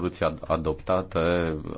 rezoluții adoptată